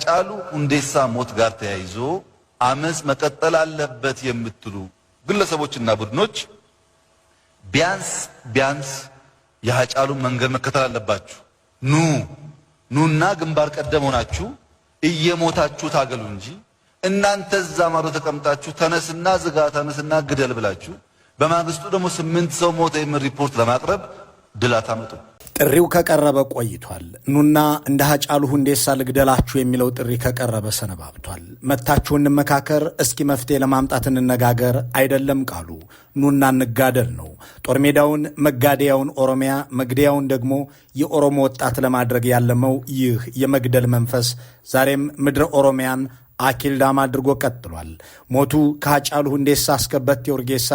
ከጫሉ ሁንዴሳ ሞት ጋር ተያይዞ አመፅ መቀጠል አለበት የምትሉ ግለሰቦችና ቡድኖች ቢያንስ ቢያንስ የሀጫሉ መንገድ መከተል አለባችሁ። ኑ ኑና ግንባር ቀደም ሆናችሁ እየሞታችሁ ታገሉ እንጂ እናንተ እዛ ማዶ ተቀምጣችሁ ተነስና ዝጋ፣ ተነስና ግደል ብላችሁ በማግስቱ ደግሞ ስምንት ሰው ሞተ የሚል ሪፖርት ለማቅረብ ድል አታመጡም። ጥሪው ከቀረበ ቆይቷል። ኑና እንደ ሀጫሉ ሁንዴሳ ልግደላችሁ የሚለው ጥሪ ከቀረበ ሰነባብቷል። መታችሁ እንመካከር፣ እስኪ መፍትሄ ለማምጣት እንነጋገር አይደለም ቃሉ፣ ኑና እንጋደል ነው። ጦር ሜዳውን መጋደያውን ኦሮሚያ መግደያውን ደግሞ የኦሮሞ ወጣት ለማድረግ ያለመው ይህ የመግደል መንፈስ ዛሬም ምድረ ኦሮሚያን አኪልዳም አድርጎ ቀጥሏል። ሞቱ ከሀጫሉ ሁንዴሳ እስከ በቴ ኡርጌሳ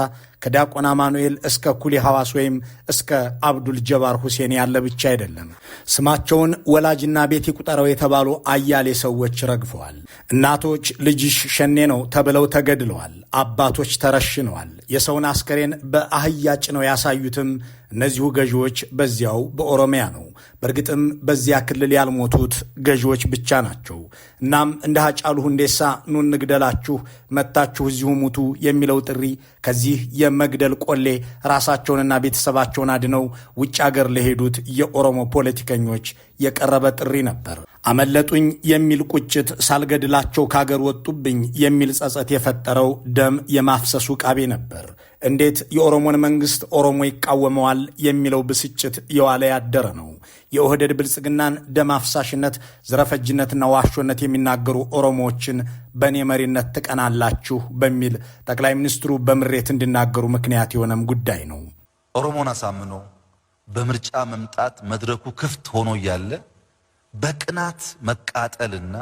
ከዲያቆን አማኑኤል እስከ ኩሊ ሐዋስ ወይም እስከ አብዱል ጀባር ሁሴን ያለ ብቻ አይደለም። ስማቸውን ወላጅና ቤት ይቁጠረው የተባሉ አያሌ ሰዎች ረግፈዋል። እናቶች ልጅሽ ሸኔ ነው ተብለው ተገድለዋል። አባቶች ተረሽነዋል። የሰውን አስከሬን በአህያ ጭነው ያሳዩትም እነዚሁ ገዢዎች በዚያው በኦሮሚያ ነው። በእርግጥም በዚያ ክልል ያልሞቱት ገዢዎች ብቻ ናቸው። እናም እንደ ሀጫሉ ሁንዴሳ ኑን ንግደላችሁ መታችሁ እዚሁ ሙቱ የሚለው ጥሪ ከዚህ የመግደል ቆሌ ራሳቸውንና ቤተሰባቸውን አድነው ውጭ አገር ለሄዱት የኦሮሞ ፖለቲከኞች የቀረበ ጥሪ ነበር። አመለጡኝ የሚል ቁጭት ሳልገድላቸው ከአገር ወጡብኝ የሚል ጸጸት የፈጠረው ደም የማፍሰሱ ቃቤ ነበር። እንዴት የኦሮሞን መንግስት ኦሮሞ ይቃወመዋል የሚለው ብስጭት የዋለ ያደረ ነው። የኦህደድ ብልጽግናን ደም አፍሳሽነት፣ ዝረፈጅነትና ዋሾነት የሚናገሩ ኦሮሞዎችን በእኔ መሪነት ትቀናላችሁ በሚል ጠቅላይ ሚኒስትሩ በምሬት እንዲናገሩ ምክንያት የሆነም ጉዳይ ነው። ኦሮሞን አሳምኖ በምርጫ መምጣት መድረኩ ክፍት ሆኖ እያለ በቅናት መቃጠልና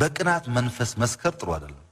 በቅናት መንፈስ መስከር ጥሩ አይደለም።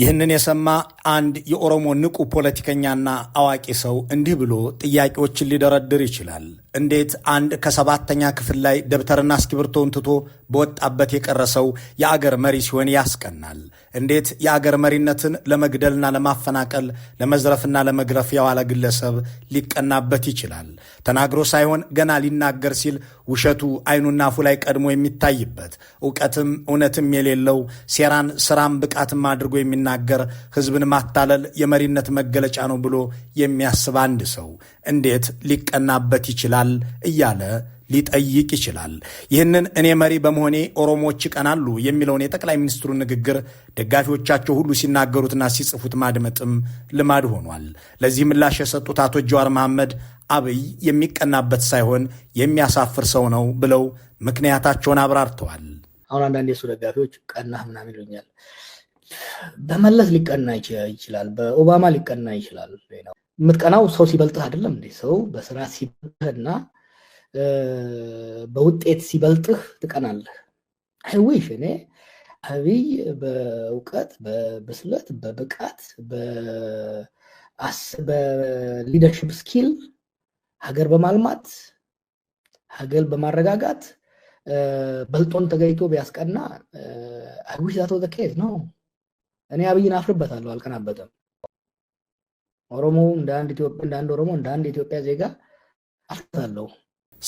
ይህንን የሰማ አንድ የኦሮሞ ንቁ ፖለቲከኛና አዋቂ ሰው እንዲህ ብሎ ጥያቄዎችን ሊደረድር ይችላል። እንዴት አንድ ከሰባተኛ ክፍል ላይ ደብተርና እስክሪብቶውን ትቶ በወጣበት የቀረ ሰው የአገር መሪ ሲሆን ያስቀናል። እንዴት የአገር መሪነትን ለመግደልና ለማፈናቀል ለመዝረፍና ለመግረፍ የዋለ ግለሰብ ሊቀናበት ይችላል? ተናግሮ ሳይሆን ገና ሊናገር ሲል ውሸቱ አይኑና አፉ ላይ ቀድሞ የሚታይበት እውቀትም እውነትም የሌለው ሴራን ስራም ብቃትም አድርጎ የሚናገር ህዝብን ማታለል የመሪነት መገለጫ ነው ብሎ የሚያስብ አንድ ሰው እንዴት ሊቀናበት ይችላል እያለ ሊጠይቅ ይችላል። ይህንን እኔ መሪ በመሆኔ ኦሮሞዎች ይቀናሉ የሚለውን የጠቅላይ ሚኒስትሩ ንግግር ደጋፊዎቻቸው ሁሉ ሲናገሩትና ሲጽፉት ማድመጥም ልማድ ሆኗል። ለዚህ ምላሽ የሰጡት አቶ ጀዋር መሐመድ አብይ የሚቀናበት ሳይሆን የሚያሳፍር ሰው ነው ብለው ምክንያታቸውን አብራርተዋል። አሁን አንዳንድ የሱ ደጋፊዎች ቀናህ ምናምን ይሉኛል። በመለስ ሊቀና ይችላል፣ በኦባማ ሊቀና ይችላል። የምትቀናው ሰው ሲበልጥህ አይደለም እንዴ? ሰው በስራ ሲበልጥህና በውጤት ሲበልጥህ ትቀናለህ። አይዊሽ እኔ አብይ በእውቀት በብስለት በብቃት በሊደርሽፕ ስኪል ሀገር በማልማት ሀገር በማረጋጋት በልጦን ተገኝቶ ቢያስቀና አይዊሽ ዛቶ ዘኬዝ ነው። እኔ አብይን አፍርበታለሁ፣ አልቀናበትም። ኦሮሞ እንደ አንድ ኢትዮጵያ እንደ አንድ ኦሮሞ እንደ አንድ ኢትዮጵያ ዜጋ አፍርበታለሁ።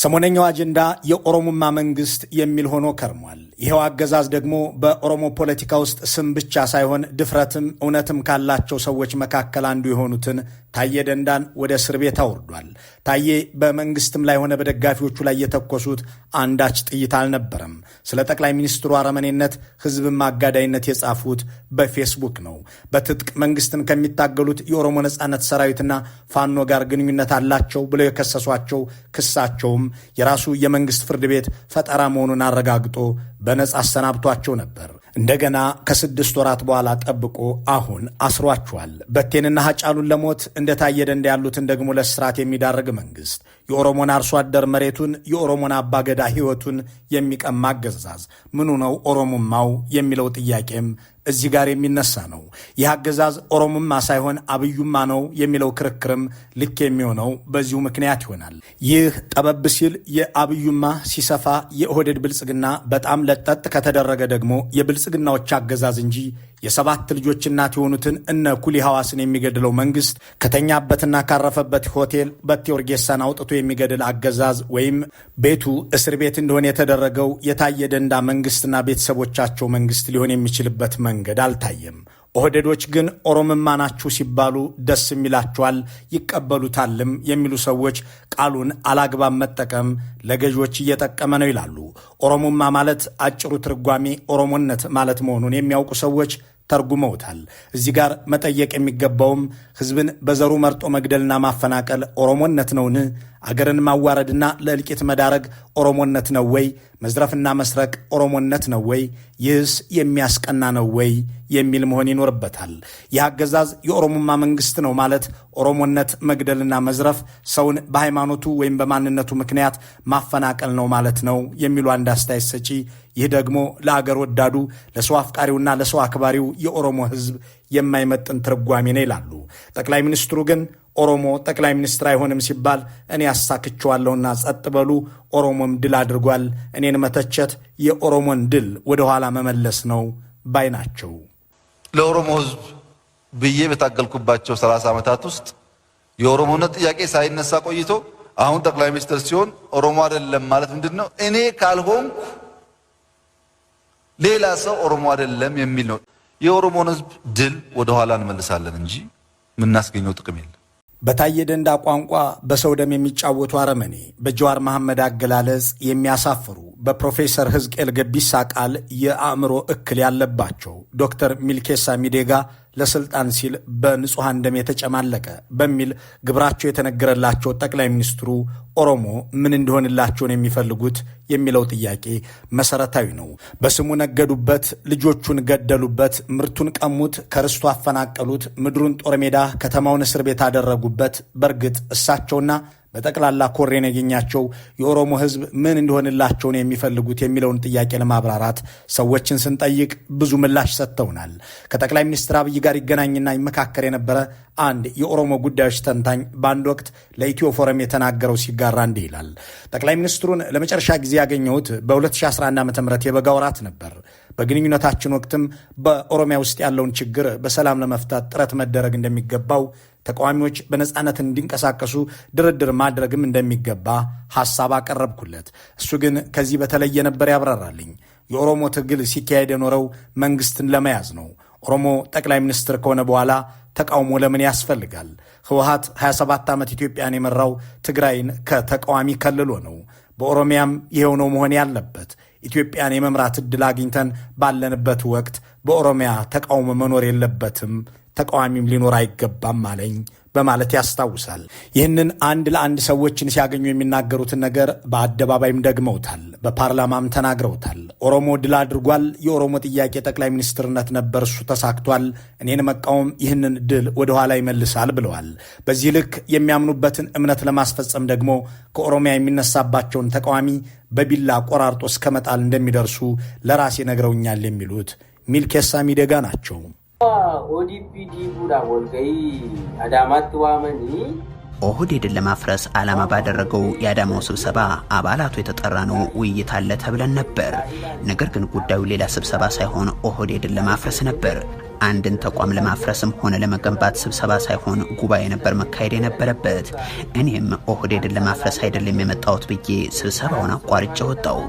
ሰሞነኛው አጀንዳ የኦሮሞማ መንግስት የሚል ሆኖ ከርሟል። ይኸው አገዛዝ ደግሞ በኦሮሞ ፖለቲካ ውስጥ ስም ብቻ ሳይሆን ድፍረትም እውነትም ካላቸው ሰዎች መካከል አንዱ የሆኑትን ታየ ደንዳን ወደ እስር ቤት አውርዷል። ታዬ በመንግስትም ላይ ሆነ በደጋፊዎቹ ላይ የተኮሱት አንዳች ጥይት አልነበረም። ስለ ጠቅላይ ሚኒስትሩ አረመኔነት፣ ህዝብም አጋዳይነት የጻፉት በፌስቡክ ነው። በትጥቅ መንግስትን ከሚታገሉት የኦሮሞ ነጻነት ሰራዊትና ፋኖ ጋር ግንኙነት አላቸው ብለው የከሰሷቸው ክሳቸውም እንዲሁም የራሱ የመንግስት ፍርድ ቤት ፈጠራ መሆኑን አረጋግጦ በነጻ አሰናብቷቸው ነበር። እንደገና ከስድስት ወራት በኋላ ጠብቆ አሁን አስሯቸዋል። በቴንና ሀጫሉን ለሞት እንደ ታየ ያሉትን ደግሞ ለእስራት የሚዳርግ መንግስት የኦሮሞን አርሶ አደር መሬቱን የኦሮሞን አባገዳ ህይወቱን የሚቀማ አገዛዝ ምኑ ነው ኦሮሞማው የሚለው ጥያቄም እዚህ ጋር የሚነሳ ነው። ይህ አገዛዝ ኦሮሞማ ሳይሆን አብዩማ ነው የሚለው ክርክርም ልክ የሚሆነው በዚሁ ምክንያት ይሆናል። ይህ ጠበብ ሲል የአብዩማ ሲሰፋ የኦህዴድ ብልጽግና በጣም ለጠጥ ከተደረገ ደግሞ የብልጽግናዎች አገዛዝ እንጂ የሰባት ልጆች እናት የሆኑትን እነ ኩሊ ሐዋስን የሚገድለው መንግስት ከተኛበትና ካረፈበት ሆቴል በቴዎርጌሳን አውጥቶ የሚገድል አገዛዝ ወይም ቤቱ እስር ቤት እንደሆነ የተደረገው የታየ ደንዳ መንግስትና ቤተሰቦቻቸው መንግስት ሊሆን የሚችልበት መንገድ አልታየም። ኦህደዶች ግን ኦሮምማ ናችሁ ሲባሉ ደስ የሚላቸዋል ይቀበሉታልም የሚሉ ሰዎች ቃሉን አላግባብ መጠቀም ለገዢዎች እየጠቀመ ነው ይላሉ። ኦሮሞማ ማለት አጭሩ ትርጓሜ ኦሮሞነት ማለት መሆኑን የሚያውቁ ሰዎች ተርጉመውታል። እዚህ ጋር መጠየቅ የሚገባውም ሕዝብን በዘሩ መርጦ መግደልና ማፈናቀል ኦሮሞነት ነውን? አገርን ማዋረድና ለእልቂት መዳረግ ኦሮሞነት ነው ወይ? መዝረፍና መስረቅ ኦሮሞነት ነው ወይ? ይህስ የሚያስቀና ነው ወይ? የሚል መሆን ይኖርበታል። ይህ አገዛዝ የኦሮሞማ መንግስት ነው ማለት ኦሮሞነት መግደልና መዝረፍ፣ ሰውን በሃይማኖቱ ወይም በማንነቱ ምክንያት ማፈናቀል ነው ማለት ነው የሚሉ አንድ አስተያየት ሰጪ ይህ ደግሞ ለአገር ወዳዱ ለሰው አፍቃሪውና ለሰው አክባሪው የኦሮሞ ህዝብ የማይመጥን ትርጓሜ ነው ይላሉ። ጠቅላይ ሚኒስትሩ ግን ኦሮሞ ጠቅላይ ሚኒስትር አይሆንም ሲባል እኔ ያሳክቸዋለሁና ጸጥ በሉ። ኦሮሞም ድል አድርጓል። እኔን መተቸት የኦሮሞን ድል ወደኋላ መመለስ ነው ባይ ናቸው። ለኦሮሞ ህዝብ ብዬ በታገልኩባቸው ሰላሳ ዓመታት ውስጥ የኦሮሞነት ጥያቄ ሳይነሳ ቆይቶ አሁን ጠቅላይ ሚኒስትር ሲሆን ኦሮሞ አይደለም ማለት ምንድን ነው? እኔ ካልሆንኩ ሌላ ሰው ኦሮሞ አይደለም የሚል ነው። የኦሮሞን ህዝብ ድል ወደኋላ እንመልሳለን እንጂ የምናስገኘው ጥቅም የለም። በታየ ደንዳ ቋንቋ በሰው ደም የሚጫወቱ አረመኔ፣ በጀዋር መሐመድ አገላለጽ የሚያሳፍሩ፣ በፕሮፌሰር ህዝቅኤል ገቢሳ ቃል የአእምሮ እክል ያለባቸው ዶክተር ሚልኬሳ ሚዴጋ ለስልጣን ሲል በንጹሐን ደም የተጨማለቀ በሚል ግብራቸው የተነገረላቸው ጠቅላይ ሚኒስትሩ ኦሮሞ ምን እንዲሆንላቸውን የሚፈልጉት የሚለው ጥያቄ መሰረታዊ ነው። በስሙ ነገዱበት፣ ልጆቹን ገደሉበት፣ ምርቱን ቀሙት፣ ከርስቱ አፈናቀሉት፣ ምድሩን ጦር ሜዳ ከተማውን እስር ቤት አደረጉበት። በእርግጥ እሳቸውና በጠቅላላ ኮሬን የገኛቸው የኦሮሞ ህዝብ ምን ነው የሚፈልጉት የሚለውን ጥያቄ ለማብራራት ሰዎችን ስንጠይቅ ብዙ ምላሽ ሰጥተውናል። ከጠቅላይ ሚኒስትር አብይ ጋር ይገናኝና ይመካከር የነበረ አንድ የኦሮሞ ጉዳዮች ተንታኝ በአንድ ወቅት ለኢትዮ ፎረም የተናገረው ሲጋራ እንዲህ ይላል። ጠቅላይ ሚኒስትሩን ለመጨረሻ ጊዜ ያገኘሁት በ2011 ዓ ም የበጋ ወራት ነበር። በግንኙነታችን ወቅትም በኦሮሚያ ውስጥ ያለውን ችግር በሰላም ለመፍታት ጥረት መደረግ እንደሚገባው ተቃዋሚዎች በነፃነት እንዲንቀሳቀሱ ድርድር ማድረግም እንደሚገባ ሐሳብ አቀረብኩለት። እሱ ግን ከዚህ በተለየ ነበር ያብራራልኝ። የኦሮሞ ትግል ሲካሄድ የኖረው መንግስትን ለመያዝ ነው። ኦሮሞ ጠቅላይ ሚኒስትር ከሆነ በኋላ ተቃውሞ ለምን ያስፈልጋል? ህወሀት 27 ዓመት ኢትዮጵያን የመራው ትግራይን ከተቃዋሚ ከልሎ ነው። በኦሮሚያም ይኸው ነው መሆን ያለበት። ኢትዮጵያን የመምራት እድል አግኝተን ባለንበት ወቅት በኦሮሚያ ተቃውሞ መኖር የለበትም፣ ተቃዋሚም ሊኖር አይገባም አለኝ። በማለት ያስታውሳል። ይህንን አንድ ለአንድ ሰዎችን ሲያገኙ የሚናገሩትን ነገር በአደባባይም ደግመውታል፣ በፓርላማም ተናግረውታል። ኦሮሞ ድል አድርጓል፣ የኦሮሞ ጥያቄ ጠቅላይ ሚኒስትርነት ነበር፣ እሱ ተሳክቷል፣ እኔን መቃወም ይህንን ድል ወደኋላ ይመልሳል ብለዋል። በዚህ ልክ የሚያምኑበትን እምነት ለማስፈጸም ደግሞ ከኦሮሚያ የሚነሳባቸውን ተቃዋሚ በቢላ ቆራርጦ እስከ መጣል እንደሚደርሱ ለራሴ ነግረውኛል የሚሉት ሚልኬሳ ሚደጋ ናቸው። ኦዲፒ ቡዳ ወልገይ አዳማት ዋመኒ ኦህዴድን ለማፍረስ ዓላማ ባደረገው የአዳማው ስብሰባ አባላቱ የተጠራ ነው ውይይት አለ ተብለን ነበር። ነገር ግን ጉዳዩ ሌላ ስብሰባ ሳይሆን ኦህዴድን ለማፍረስ ነበር። አንድን ተቋም ለማፍረስም ሆነ ለመገንባት ስብሰባ ሳይሆን ጉባኤ ነበር መካሄድ የነበረበት። እኔም ኦህዴድን ለማፍረስ አይደለም የመጣሁት ብዬ ስብሰባውን አቋርጬ ወጣው።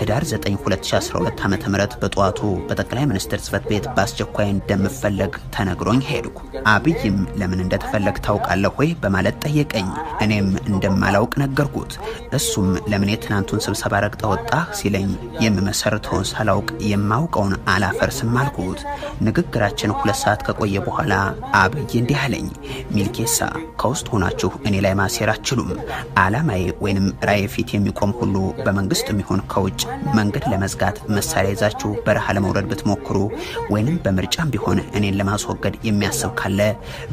ህዳር 9 2012 ዓ ም በጠዋቱ በጠቅላይ ሚኒስትር ጽህፈት ቤት በአስቸኳይ እንደምፈለግ ተነግሮኝ ሄድኩ። አብይም ለምን እንደተፈለግ ታውቃለህ ወይ በማለት ጠየቀኝ። እኔም እንደማላውቅ ነገርኩት። እሱም ለምን የትናንቱን ስብሰባ ረግጠ ወጣ ሲለኝ የምመሰርተውን ሳላውቅ የማውቀውን አላፈርስም አልኩት። ንግግራ ውይይታችን ሁለት ሰዓት ከቆየ በኋላ አብይ እንዲህ አለኝ። ሚልኬሳ ከውስጥ ሆናችሁ እኔ ላይ ማሴር አችሉም። አላማዬ ወይንም ራዕይ ፊት የሚቆም ሁሉ በመንግስት የሚሆን ከውጭ መንገድ ለመዝጋት መሳሪያ ይዛችሁ በረሃ ለመውረድ ብትሞክሩ ወይንም በምርጫም ቢሆን እኔን ለማስወገድ የሚያስብ ካለ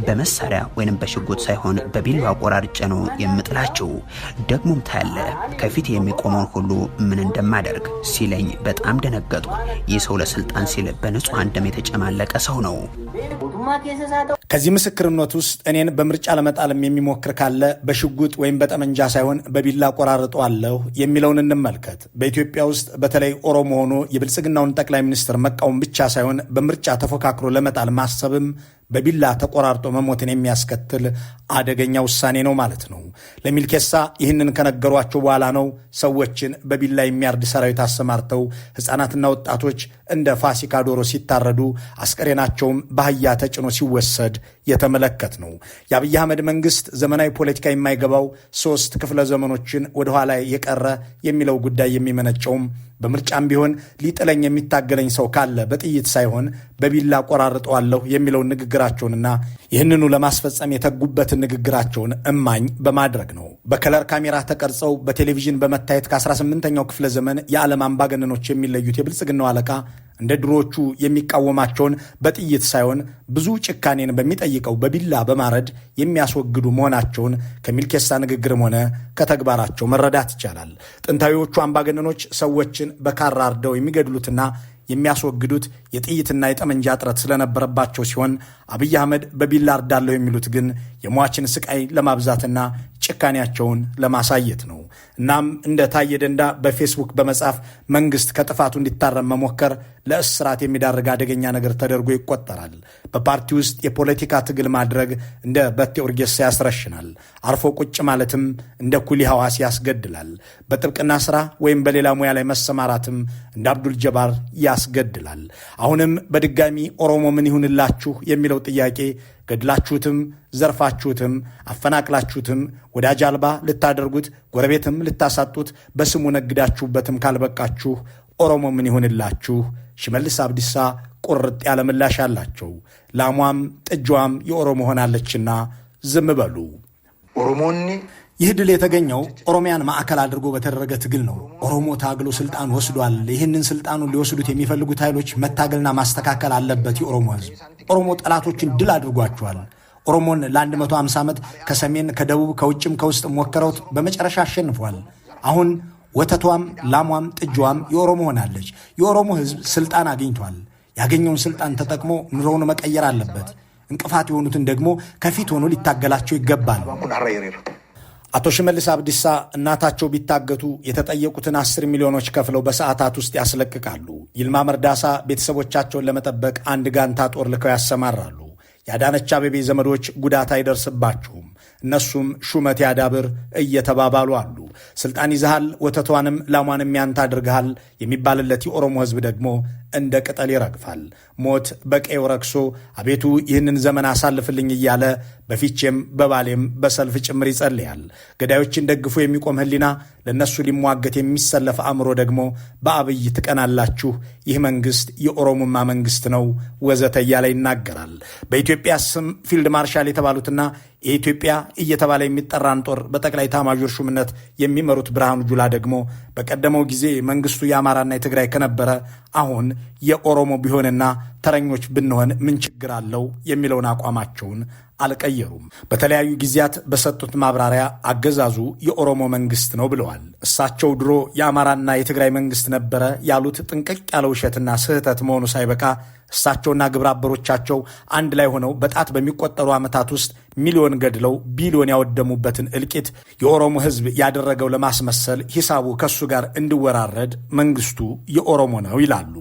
በመሳሪያ ወይንም በሽጉጥ ሳይሆን በቢላዋ አቆራርጬ ነው የምጥላችሁ። ደግሞም ታያለ ከፊት የሚቆመውን ሁሉ ምን እንደማደርግ ሲለኝ በጣም ደነገጥኩ። ይህ ሰው ለስልጣን ሲል በንጹሐን ደም የተጨማለቀ ሰው ነው። ከዚህ ምስክርነት ውስጥ እኔን በምርጫ ለመጣልም የሚሞክር ካለ በሽጉጥ ወይም በጠመንጃ ሳይሆን በቢላ ቆራርጠዋለሁ የሚለውን እንመልከት። በኢትዮጵያ ውስጥ በተለይ ኦሮሞ ሆኖ የብልጽግናውን ጠቅላይ ሚኒስትር መቃወም ብቻ ሳይሆን በምርጫ ተፎካክሮ ለመጣል ማሰብም በቢላ ተቆራርጦ መሞትን የሚያስከትል አደገኛ ውሳኔ ነው ማለት ነው። ለሚልኬሳ ይህንን ከነገሯቸው በኋላ ነው ሰዎችን በቢላ የሚያርድ ሰራዊት አሰማርተው ሕፃናትና ወጣቶች እንደ ፋሲካ ዶሮ ሲታረዱ አስቀሬናቸውም በአህያ ተጭኖ ሲወሰድ የተመለከት ነው። የአብይ አህመድ መንግስት ዘመናዊ ፖለቲካ የማይገባው ሶስት ክፍለ ዘመኖችን ወደኋላ የቀረ የሚለው ጉዳይ የሚመነጨውም በምርጫም ቢሆን ሊጥለኝ የሚታገለኝ ሰው ካለ በጥይት ሳይሆን በቢላ ቆራርጠዋለሁ የሚለውን ንግግራቸውንና ይህንኑ ለማስፈጸም የተጉበትን ንግግራቸውን እማኝ በማድረግ ነው። በከለር ካሜራ ተቀርጸው በቴሌቪዥን በመታየት ከ18ኛው ክፍለ ዘመን የዓለም አምባገነኖች የሚለዩት የብልጽግናው አለቃ እንደ ድሮዎቹ የሚቃወማቸውን በጥይት ሳይሆን ብዙ ጭካኔን በሚጠይቀው በቢላ በማረድ የሚያስወግዱ መሆናቸውን ከሚልኬሳ ንግግርም ሆነ ከተግባራቸው መረዳት ይቻላል። ጥንታዊዎቹ አምባገነኖች ሰዎችን በካራ አርደው የሚገድሉትና የሚያስወግዱት የጥይትና የጠመንጃ እጥረት ስለነበረባቸው ሲሆን አብይ አህመድ በቢላ አርዳለሁ የሚሉት ግን የሟችን ስቃይ ለማብዛትና ጭካኔያቸውን ለማሳየት ነው። እናም እንደ ታየ ደንዳ በፌስቡክ በመጻፍ መንግስት ከጥፋቱ እንዲታረም መሞከር ለእስራት የሚዳርግ አደገኛ ነገር ተደርጎ ይቆጠራል። በፓርቲ ውስጥ የፖለቲካ ትግል ማድረግ እንደ በቴ ያስረሽናል። አርፎ ቁጭ ማለትም እንደ ኩሊ ሐዋስ ያስገድላል። በጥብቅና ስራ ወይም በሌላ ሙያ ላይ መሰማራትም እንደ አብዱል ጀባር ያስገድላል። አሁንም በድጋሚ ኦሮሞ ምን ይሁንላችሁ የሚለው ጥያቄ ገድላችሁትም፣ ዘርፋችሁትም፣ አፈናቅላችሁትም ወዳጅ አልባ ልታደርጉት፣ ጎረቤትም ልታሳጡት፣ በስሙ ነግዳችሁበትም ካልበቃችሁ ኦሮሞ ምን ይሁንላችሁ ሽመልስ አብዲሳ ቁርጥ ያለ ምላሽ አላቸው። ላሟም ጥጇም የኦሮሞ ሆናለችና ዝም በሉ። ኦሮሞኒ ይህ ድል የተገኘው ኦሮሚያን ማዕከል አድርጎ በተደረገ ትግል ነው። ኦሮሞ ታግሎ ስልጣን ወስዷል። ይህንን ስልጣኑን ሊወስዱት የሚፈልጉት ኃይሎች መታገልና ማስተካከል አለበት። የኦሮሞ ህዝብ ኦሮሞ ጠላቶችን ድል አድርጓቸዋል። ኦሮሞን ለ150 ዓመት ከሰሜን ከደቡብ ከውጭም ከውስጥ ሞክረውት በመጨረሻ አሸንፏል። አሁን ወተቷም፣ ላሟም፣ ጥጃዋም የኦሮሞ ሆናለች። የኦሮሞ ህዝብ ስልጣን አግኝቷል። ያገኘውን ስልጣን ተጠቅሞ ኑሮውን መቀየር አለበት። እንቅፋት የሆኑትን ደግሞ ከፊት ሆኖ ሊታገላቸው ይገባል። አቶ ሽመልስ አብዲሳ እናታቸው ቢታገቱ የተጠየቁትን አስር ሚሊዮኖች ከፍለው በሰዓታት ውስጥ ያስለቅቃሉ። ይልማ መርዳሳ ቤተሰቦቻቸውን ለመጠበቅ አንድ ጋንታ ጦር ልከው ያሰማራሉ። የአዳነች አቤቤ ዘመዶች ጉዳት አይደርስባችሁም፣ እነሱም ሹመት ያዳብር እየተባባሉ አሉ። ስልጣን ይዘሃል፣ ወተቷንም ላሟንም ያንተ አድርገሃል የሚባልለት የኦሮሞ ህዝብ ደግሞ እንደ ቅጠል ይረግፋል። ሞት በቀዩ ረግሶ አቤቱ ይህንን ዘመን አሳልፍልኝ እያለ በፊቼም በባሌም በሰልፍ ጭምር ይጸልያል። ገዳዮችን ደግፎ የሚቆም ህሊና፣ ለእነሱ ሊሟገት የሚሰለፍ አእምሮ ደግሞ በአብይ ትቀናላችሁ፣ ይህ መንግስት የኦሮሞማ መንግስት ነው ወዘተ እያለ ይናገራል። በኢትዮጵያ ስም ፊልድ ማርሻል የተባሉትና የኢትዮጵያ እየተባለ የሚጠራን ጦር በጠቅላይ ታማዦር ሹምነት የሚመሩት ብርሃኑ ጁላ ደግሞ በቀደመው ጊዜ መንግስቱ የአማራና የትግራይ ከነበረ አሁን የኦሮሞ ቢሆንና ተረኞች ብንሆን ምን ችግር አለው የሚለውን አቋማቸውን አልቀየሩም። በተለያዩ ጊዜያት በሰጡት ማብራሪያ አገዛዙ የኦሮሞ መንግስት ነው ብለዋል። እሳቸው ድሮ የአማራና የትግራይ መንግስት ነበረ ያሉት ጥንቅቅ ያለ ውሸትና ስህተት መሆኑ ሳይበቃ እሳቸውና ግብረ አበሮቻቸው አንድ ላይ ሆነው በጣት በሚቆጠሩ ዓመታት ውስጥ ሚሊዮን ገድለው ቢሊዮን ያወደሙበትን እልቂት የኦሮሞ ሕዝብ ያደረገው ለማስመሰል ሂሳቡ ከሱ ጋር እንዲወራረድ መንግስቱ የኦሮሞ ነው ይላሉ።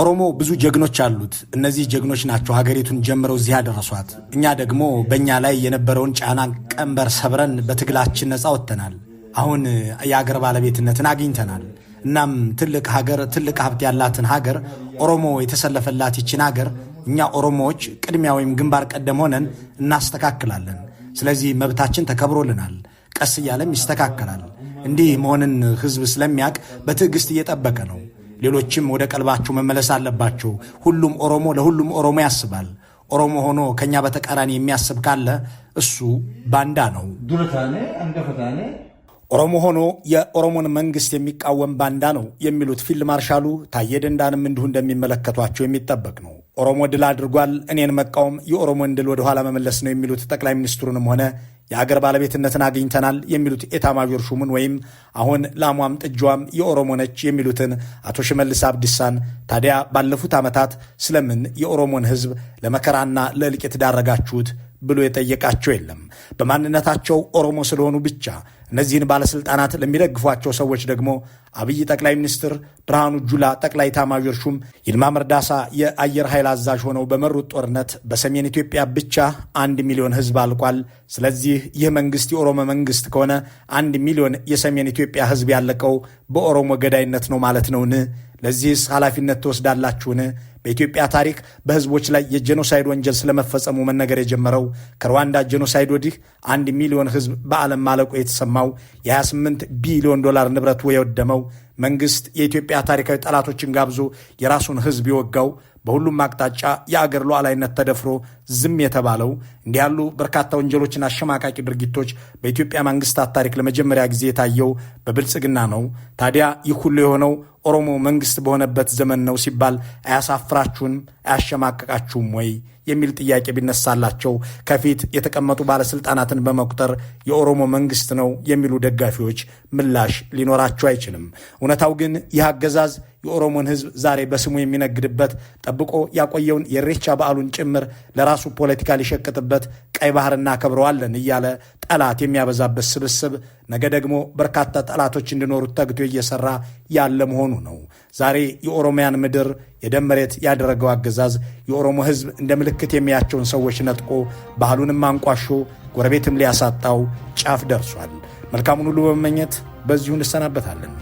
ኦሮሞ ብዙ ጀግኖች አሉት። እነዚህ ጀግኖች ናቸው ሀገሪቱን ጀምረው እዚህ ያደረሷት። እኛ ደግሞ በእኛ ላይ የነበረውን ጫና ቀንበር ሰብረን በትግላችን ነፃ ወጥተናል። አሁን የአገር ባለቤትነትን አግኝተናል። እናም ትልቅ ሀገር ትልቅ ሀብት ያላትን ሀገር ኦሮሞ የተሰለፈላት ይችን ሀገር እኛ ኦሮሞዎች ቅድሚያ ወይም ግንባር ቀደም ሆነን እናስተካክላለን። ስለዚህ መብታችን ተከብሮልናል። ቀስ እያለም ይስተካከላል። እንዲህ መሆንን ህዝብ ስለሚያውቅ በትዕግስት እየጠበቀ ነው። ሌሎችም ወደ ቀልባችሁ መመለስ አለባቸው። ሁሉም ኦሮሞ ለሁሉም ኦሮሞ ያስባል። ኦሮሞ ሆኖ ከእኛ በተቃራኒ የሚያስብ ካለ እሱ ባንዳ ነው። ኦሮሞ ሆኖ የኦሮሞን መንግስት የሚቃወም ባንዳ ነው የሚሉት ፊልድ ማርሻሉ ታዬ ደንዳንም እንዲሁ እንደሚመለከቷቸው የሚጠበቅ ነው። ኦሮሞ ድል አድርጓል፣ እኔን መቃወም የኦሮሞን ድል ወደኋላ መመለስ ነው የሚሉት ጠቅላይ ሚኒስትሩንም ሆነ የአገር ባለቤትነትን አግኝተናል የሚሉት ኤታማዦር ሹሙን ወይም አሁን ላሟም ጥጃዋም የኦሮሞ ነች የሚሉትን አቶ ሽመልስ አብዲሳን ታዲያ ባለፉት ዓመታት ስለምን የኦሮሞን ህዝብ ለመከራና ለእልቂት ዳረጋችሁት ብሎ የጠየቃቸው የለም። በማንነታቸው ኦሮሞ ስለሆኑ ብቻ እነዚህን ባለስልጣናት ለሚደግፏቸው ሰዎች ደግሞ አብይ ጠቅላይ ሚኒስትር፣ ብርሃኑ ጁላ ጠቅላይ ታማዦር ሹም፣ ይልማ መርዳሳ የአየር ኃይል አዛዥ ሆነው በመሩት ጦርነት በሰሜን ኢትዮጵያ ብቻ አንድ ሚሊዮን ህዝብ አልቋል። ስለዚህ ይህ መንግስት የኦሮሞ መንግስት ከሆነ አንድ ሚሊዮን የሰሜን ኢትዮጵያ ህዝብ ያለቀው በኦሮሞ ገዳይነት ነው ማለት ነውን? ለዚህስ ኃላፊነት ትወስዳላችሁን? በኢትዮጵያ ታሪክ በህዝቦች ላይ የጄኖሳይድ ወንጀል ስለመፈጸሙ መነገር የጀመረው ከሩዋንዳ ጄኖሳይድ ወዲህ አንድ ሚሊዮን ህዝብ በዓለም ማለቁ የተሰማው የ28 ቢሊዮን ዶላር ንብረቱ የወደመው መንግስት የኢትዮጵያ ታሪካዊ ጠላቶችን ጋብዞ የራሱን ህዝብ የወጋው በሁሉም አቅጣጫ የአገር ሉዓላዊነት ተደፍሮ ዝም የተባለው እንዲህ ያሉ በርካታ ወንጀሎችና አሸማቃቂ ድርጊቶች በኢትዮጵያ መንግስታት ታሪክ ለመጀመሪያ ጊዜ የታየው በብልጽግና ነው። ታዲያ ይህ ሁሉ የሆነው ኦሮሞ መንግስት በሆነበት ዘመን ነው ሲባል አያሳፍራችሁም? አያሸማቀቃችሁም ወይ የሚል ጥያቄ ቢነሳላቸው ከፊት የተቀመጡ ባለስልጣናትን በመቁጠር የኦሮሞ መንግስት ነው የሚሉ ደጋፊዎች ምላሽ ሊኖራቸው አይችልም። እውነታው ግን ይህ አገዛዝ የኦሮሞን ህዝብ ዛሬ በስሙ የሚነግድበት ጠብቆ ያቆየውን የሬቻ በዓሉን ጭምር ለራሱ ፖለቲካ ሊሸቅጥበት ቀይ ባህር እናከብረዋለን እያለ ጠላት የሚያበዛበት ስብስብ ነገ ደግሞ በርካታ ጠላቶች እንዲኖሩት ተግቶ እየሰራ ያለ መሆኑ ነው። ዛሬ የኦሮሚያን ምድር የደም መሬት ያደረገው አገዛዝ የኦሮሞ ህዝብ እንደ ምልክት የሚያቸውን ሰዎች ነጥቆ ባህሉንም አንቋሾ ጎረቤትም ሊያሳጣው ጫፍ ደርሷል። መልካሙን ሁሉ በመመኘት በዚሁ እንሰናበታለን።